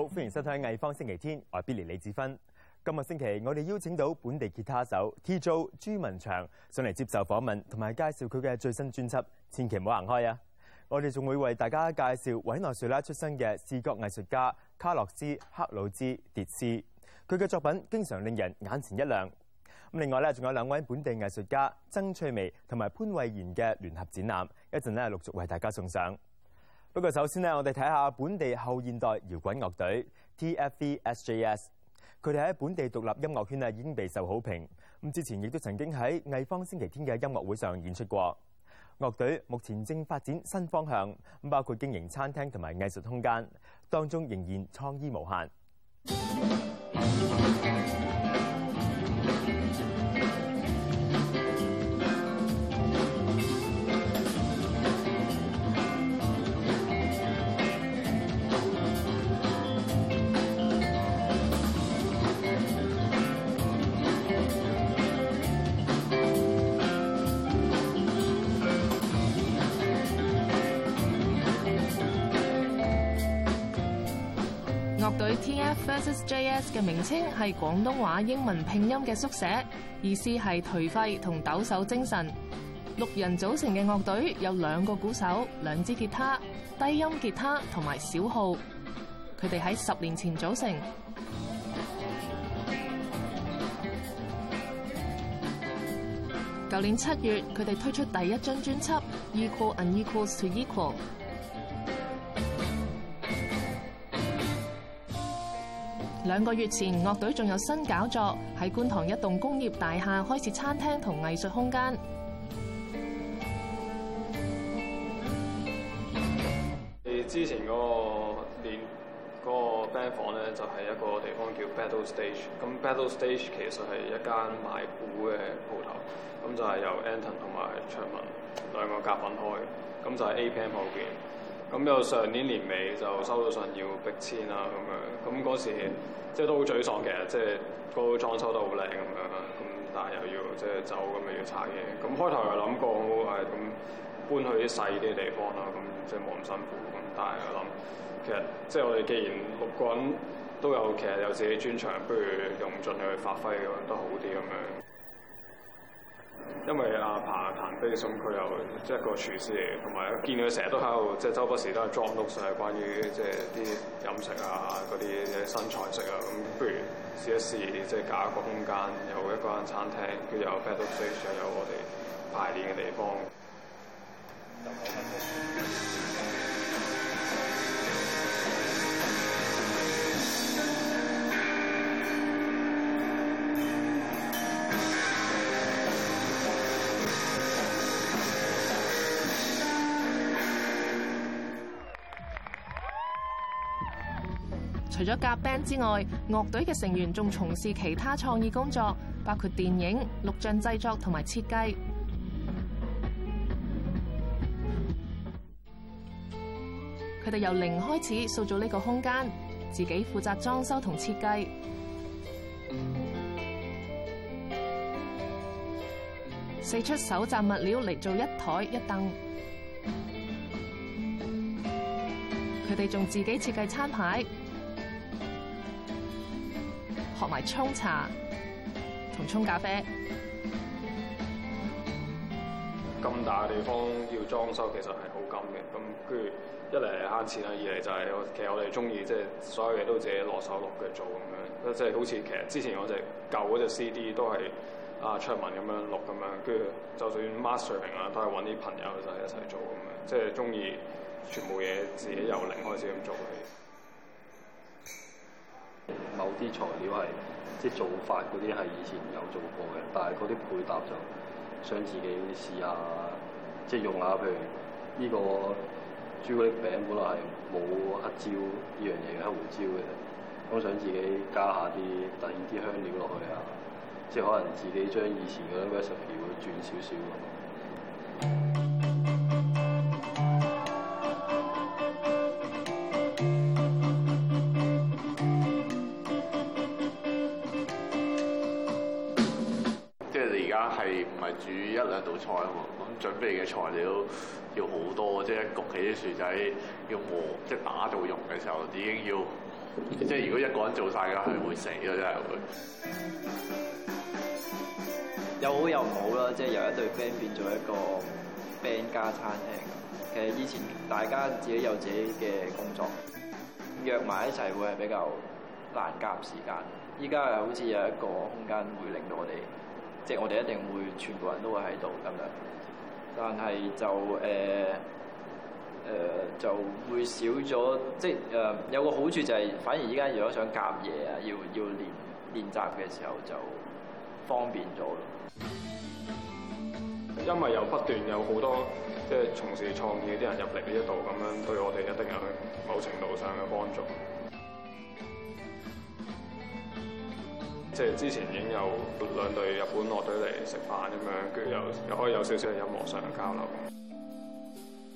好，歡迎收睇藝方星期天，我係 Billy 李子芬。今日星期，我哋邀請到本地吉他手 t j o 朱文長上嚟接受訪問，同埋介紹佢嘅最新專輯。千祈唔好行開啊！我哋仲會為大家介紹委內瑞，瑞拉出身嘅視覺藝術家卡洛斯克魯茲迭斯，佢嘅作品經常令人眼前一亮。咁另外咧，仲有兩位本地藝術家曾翠薇同埋潘蔚然嘅聯合展覽，一陣呢，陸續為大家送上。不過首先呢，我哋睇下本地後現代搖滾樂隊 tfvsjs，佢哋喺本地獨立音樂圈啊已經備受好評。咁之前亦都曾經喺藝方星期天嘅音樂會上演出過。樂隊目前正發展新方向，包括經營餐廳同埋藝術空間，當中仍然創意無限。 T.F. Versus J.S. 嘅名稱係廣東話英文拼音嘅縮寫，意思係頹廢同抖擻精神。六人組成嘅樂隊有兩個鼓手、兩支吉他、低音吉他同埋小號。佢哋喺十年前組成，舊年七月佢哋推出第一張專輯《Equal and Equal to Equal》。兩個月前，樂隊仲有新搞作，喺觀塘一棟工業大廈開設餐廳同藝術空間。誒，之前嗰、嗰個連 band、嗰個、房咧，就係一個地方叫 Battle Stage。咁 Battle Stage 其實係一間賣古嘅鋪頭，咁就係由 Anton 同埋卓文兩個夾份開，咁就係 A. P. M. 後邊。咁又上年年尾就收到信要逼遷啦，咁樣咁嗰時即係都好沮喪嘅，即係個裝修得好靚咁樣，咁但係又要即係走，咁又要拆嘢。咁開頭又諗過好誒，咁搬去啲細啲嘅地方啦，咁即係冇咁辛苦。咁但係我諗其實即係我哋既然六個人都有，其實有自己專長，不如用盡力去發揮，都好啲咁樣。因為阿彭彭飛送佢又即係一個廚師嚟，同埋見佢成日都喺度，即係周不時都係裝碌曬關於即係啲飲食啊、嗰啲新菜式啊，咁不如試一試即係搞一個空間，有一間餐廳，佢有 battle stage，又有我哋排練嘅地方。除咗夾 band 之外，樂隊嘅成員仲從事其他創意工作，包括電影、錄像製作同埋設計。佢哋 由零開始塑造呢個空間，自己負責裝修同設計， 四出蒐集物料嚟做一台一凳。佢哋仲自己設計餐牌。同埋沖茶同沖咖啡。咁大嘅地方要裝修其實係好金嘅，咁跟住一嚟係慳錢啦，二嚟就係其實我哋中意即係所有嘢都自己落手落腳做咁樣，即係好似其實之前我只舊嗰隻 CD 都係阿卓文咁樣錄咁樣，跟住就算 mastering 啊都係揾啲朋友就係一齊做咁樣，即係中意全部嘢自己由零開始咁做。某啲材料係即係做法嗰啲係以前有做過嘅，但係嗰啲配搭就想自己試下，即係用下。譬如呢個朱古力餅本來係冇黑椒呢樣嘢嘅，黑胡椒嘅，我想自己加一下啲第二啲香料落去啊，即係可能自己將以前嗰啲 recipe 轉少少。準備嘅材料要好多，即係焗起啲薯仔要磨，即係打造用嘅時候已經要。即係如果一個人做晒，咁係會死咯，真係會。有好又唔好啦，即係由一對 band 變咗一個 band 加餐廳。其實以前大家自己有自己嘅工作，約埋一齊會係比較難夾時間。依家係好似有一個空間會令到我哋，即係我哋一定會全部人都會喺度咁樣。但係就誒誒、呃呃、就會少咗，即係誒、呃、有個好處就係，反而依家如果想夾嘢啊，要要練練習嘅時候就方便咗咯。因為不斷有不斷有好多即係從事創意啲人入嚟呢一度，咁樣對我哋一定有某程度上嘅幫助。即係之前已經有兩隊日本樂隊嚟食飯咁樣，跟住又又可以有少少音樂上嘅交流。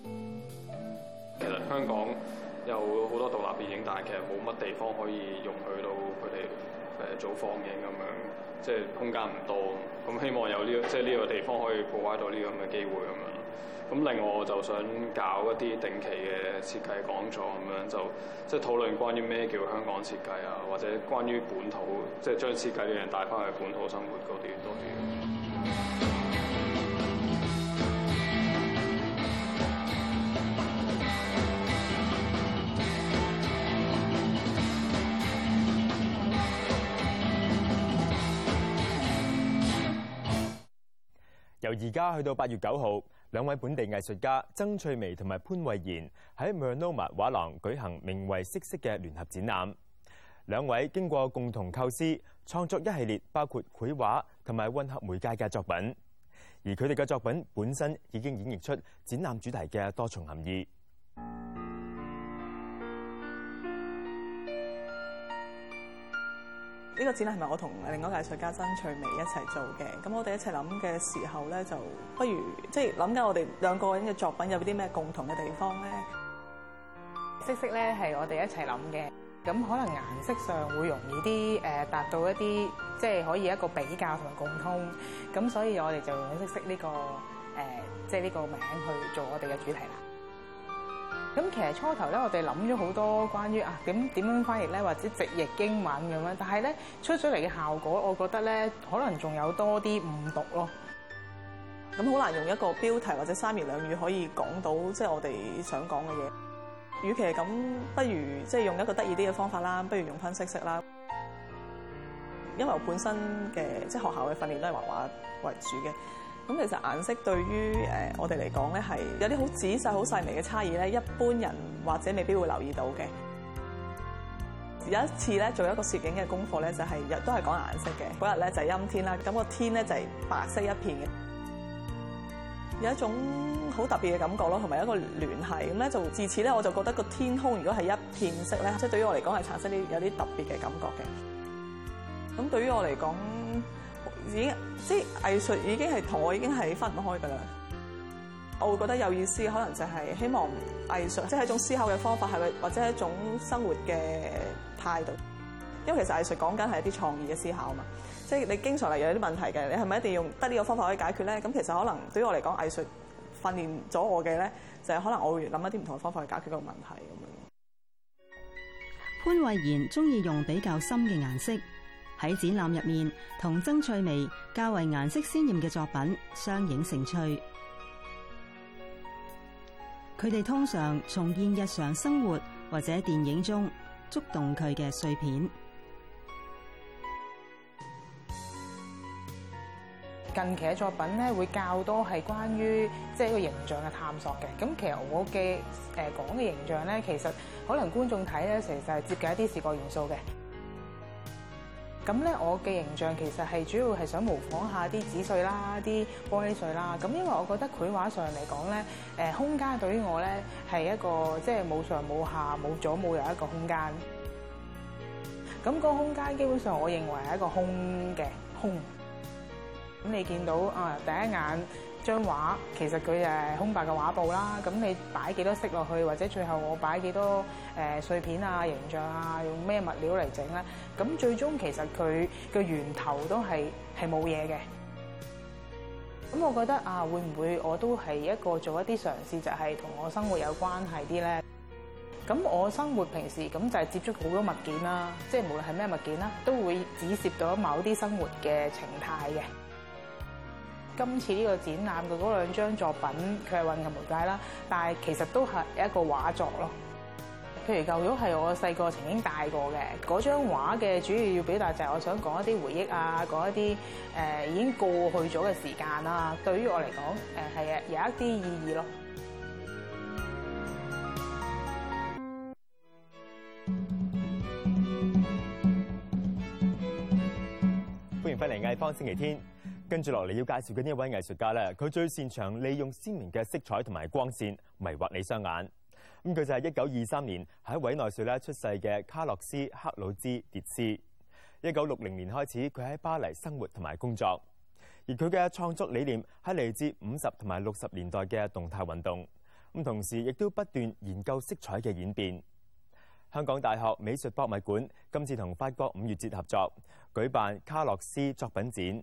其實香港有好多獨立電影，但係其實冇乜地方可以容許到佢哋誒做放映咁樣，即係空間唔多。咁希望有呢個即係呢個地方可以破開到呢個咁嘅機會咁樣。咁另外我就想搞一啲定期嘅設計講座咁樣，就即係討論關於咩叫香港設計啊，或者關於本土，即係將設計嘅嘢帶翻去本土生活嗰啲多啲。由而家去到八月九號。兩位本地藝術家曾翠薇同埋潘蔚然喺 Marnoma 畫廊舉行名為《色色》嘅聯合展覽。兩位經過共同構思，創作一系列包括繪畫同埋温合媒介嘅作品，而佢哋嘅作品本身已經演繹出展覽主題嘅多重含義。呢個展係咪我同另外個藝術家曾翠薇一齊做嘅？咁我哋一齊諗嘅時候咧，就不如即係諗緊我哋兩個人嘅作品有啲咩共同嘅地方咧？色色咧係我哋一齊諗嘅，咁可能顏色上會容易啲誒達到一啲即係可以一個比較同共通咁，所以我哋就用色色呢個誒即係呢個名去做我哋嘅主題啦。咁其實初頭咧，我哋諗咗好多關於啊點點樣翻譯咧，或者直譯英文咁樣，但係咧出咗嚟嘅效果，我覺得咧可能仲有多啲誤讀咯。咁好難用一個標題或者三言兩語可以講到即係、就是、我哋想講嘅嘢。與其咁，不如即係、就是、用一個得意啲嘅方法啦，不如用返色色啦。因為我本身嘅即係學校嘅訓練都係畫畫為主嘅。咁其實顏色對於誒我哋嚟講咧，係有啲好仔細、好細微嘅差異咧，一般人或者未必會留意到嘅。有一次咧，做一個攝影嘅功課咧、就係，就係日都係講顏色嘅。嗰日咧就係陰天啦，咁個天咧就係白色一片嘅，有一種好特別嘅感覺咯，同埋一個聯繫。咁咧就自此咧，我就覺得個天空如果係一片色咧，即係對於我嚟講係產生啲，有啲特別嘅感覺嘅。咁對於我嚟講。已經即係藝術，已經係同我已經係分唔開噶啦。我會覺得有意思，可能就係希望藝術即係一種思考嘅方法，係咪或者係一種生活嘅態度？因為其實藝術講緊係一啲創意嘅思考嘛，即係你經常嚟有啲問題嘅，你係咪一定要用得呢個方法可以解決咧？咁其實可能對於我嚟講，藝術訓練咗我嘅咧，就係可能我會諗一啲唔同嘅方法去解決嗰個問題咁樣。潘蔚然中意用比較深嘅顏色。喺展覽入面，同曾翠薇較為顏色鮮艷嘅作品相映成趣。佢哋通常重現日常生活或者電影中觸動佢嘅碎片。近期嘅作品咧，會較多係關於即係一個形象嘅探索嘅。咁其實我嘅誒講嘅形象咧，其實可能觀眾睇咧，其實係接近一啲視覺元素嘅。咁咧，我嘅形象其實係主要係想模仿下啲紙碎啦、啲玻璃碎啦。咁因為我覺得繪畫上嚟講咧，誒、呃、空間對於我咧係一個即係冇上冇下、冇左冇右一個空間。咁個空間基本上，我認為係一個空嘅空。咁你見到啊、呃，第一眼。張畫其實佢誒空白嘅畫布啦，咁你擺幾多色落去，或者最後我擺幾多誒碎片啊、形象啊，用咩物料嚟整咧？咁最終其實佢嘅源頭都係係冇嘢嘅。咁我覺得啊，會唔會我都係一個做一啲嘗試，就係同我生活有關係啲咧？咁我生活平時咁就係接觸好多物件啦，即係無論係咩物件啦，都會指涉到某啲生活嘅情態嘅。今次呢個展覽嘅嗰兩張作品，佢係混合媒介啦，但係其實都係一個畫作咯。譬如舊咗係我細個曾經帶過嘅嗰張畫嘅主要要表達就係我想講一啲回憶啊，講一啲誒、呃、已經過去咗嘅時間啦。對於我嚟講，誒係嘅有一啲意義咯。歡迎返嚟《藝方星期天》。跟住落嚟要介紹嘅呢一位藝術家咧，佢最擅長利用鮮明嘅色彩同埋光線迷惑你雙眼。咁、嗯、佢就係一九二三年喺委內瑞拉出世嘅卡洛斯克魯茲迭斯。一九六零年開始，佢喺巴黎生活同埋工作。而佢嘅創作理念喺嚟自五十同埋六十年代嘅動態運動。咁同時亦都不斷研究色彩嘅演變。香港大學美術博物館今次同法國五月節合作舉辦卡洛斯作品展，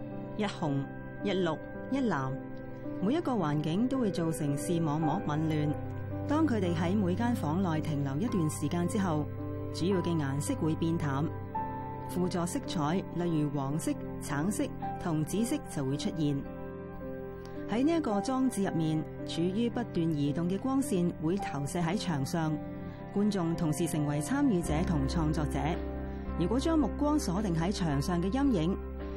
一紅、一綠、一藍，每一個環境都會造成視網膜紊亂。當佢哋喺每間房內停留一段時間之後，主要嘅顏色會變淡，輔助色彩例如黃色、橙色同紫色就會出現。喺呢一個裝置入面，處於不斷移動嘅光線會投射喺牆上，觀眾同時成為參與者同創作者。如果將目光鎖定喺牆上嘅陰影。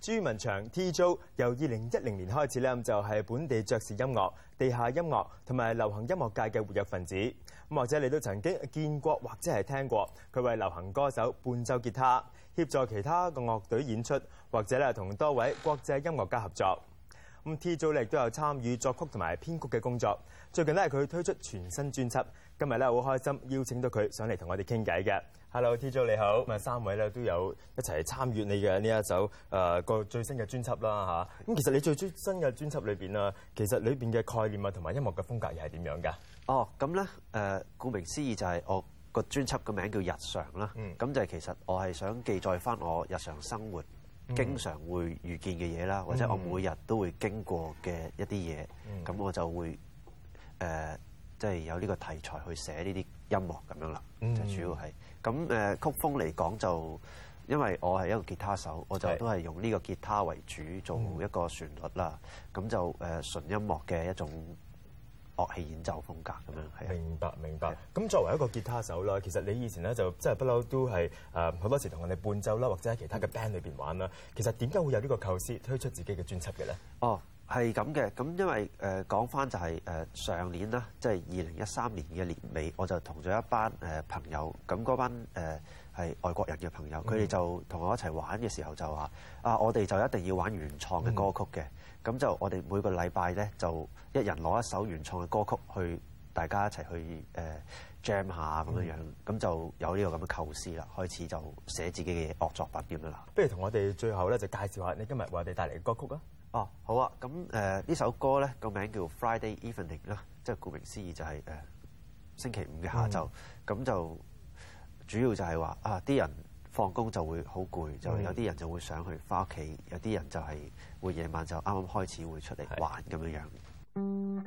朱文長 Tzu 由二零一零年開始咧，就係、是、本地爵士音樂、地下音樂同埋流行音樂界嘅活躍分子。咁或者你都曾經見過或者係聽過，佢為流行歌手伴奏吉他，協助其他嘅樂隊演出，或者咧同多位國際音樂家合作。咁 Tzu 咧亦都有參與作曲同埋編曲嘅工作。最近咧佢推出全新專輯，今日咧好開心邀請到佢上嚟同我哋傾偈嘅。Hello，Tzu 你好。咁啊，三位咧都有一齊參與你嘅呢一首誒個、呃、最新嘅專輯啦嚇。咁其實你最新嘅專輯裏邊啊，其實裏邊嘅概念啊同埋音樂嘅風格又係點樣噶？哦，咁咧誒，顧名思義就係我個專輯嘅名叫日常啦。嗯。咁就係其實我係想記載翻我日常生活。經常會遇見嘅嘢啦，或者我每日都會經過嘅一啲嘢，咁、嗯、我就會誒，即、呃、係、就是、有呢個題材去寫呢啲音樂咁樣啦。嗯、就主要係咁誒，曲風嚟講就因為我係一個吉他手，我就都係用呢個吉他為主做一個旋律啦。咁、嗯、就誒、呃、純音樂嘅一種。樂器演奏風格咁樣，明白明白。咁的作為一個吉他手啦，其實你以前咧就即係不嬲都係誒好多時同人哋伴奏啦，或者喺其他嘅 band 裏邊玩啦。其實點解會有呢個構思推出自己嘅專輯嘅咧？哦，係咁嘅。咁因為誒講返就係、是、誒、呃、上年啦，即係二零一三年嘅年尾，我就同咗一班誒、呃、朋友，咁嗰班誒。呃係外國人嘅朋友，佢哋就同我一齊玩嘅時候就話：啊，我哋就一定要玩原創嘅歌曲嘅。咁、嗯、就我哋每個禮拜咧，就一人攞一首原創嘅歌曲去大家一齊去誒、呃、jam 下咁樣樣。咁、嗯、就有呢個咁嘅構思啦。開始就寫自己嘅作作品點啦。不如同我哋最後咧，就介紹下你今日為我哋帶嚟嘅歌曲啊。哦，好啊。咁誒，呢、呃、首歌咧個名叫 Friday Evening 啦，即係顧名思義就係、是、誒、呃、星期五嘅下晝。咁、嗯、就主要就係話啊，啲人放工就會好攰，就的有啲人就會想去翻屋企，有啲人就係會夜晚就啱啱開始會出嚟玩咁樣的樣。嗯